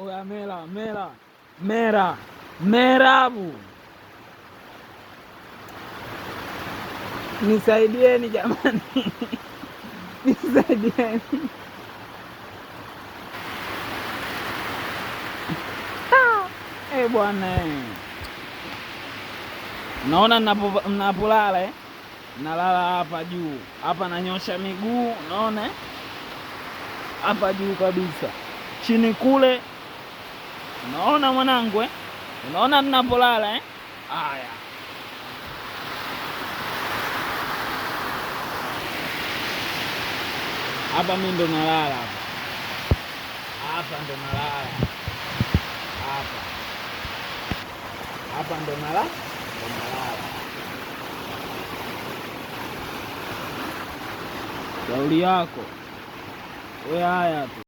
Oya mera mera mera merabu, nisaidieni jamani, nisaidieni e bwana. Eh. Naona mnapolala eh. nalala hapa juu hapa, nanyosha miguu, naona hapa juu kabisa, chini kule. Unaona mwanangu eh? Unaona ninapolala eh? Haya, hapa mimi ndo nalala hapa, hapa ndo nalala hapa, hapa ndo nalala, nalala shauri yako. Oi, Ayanto.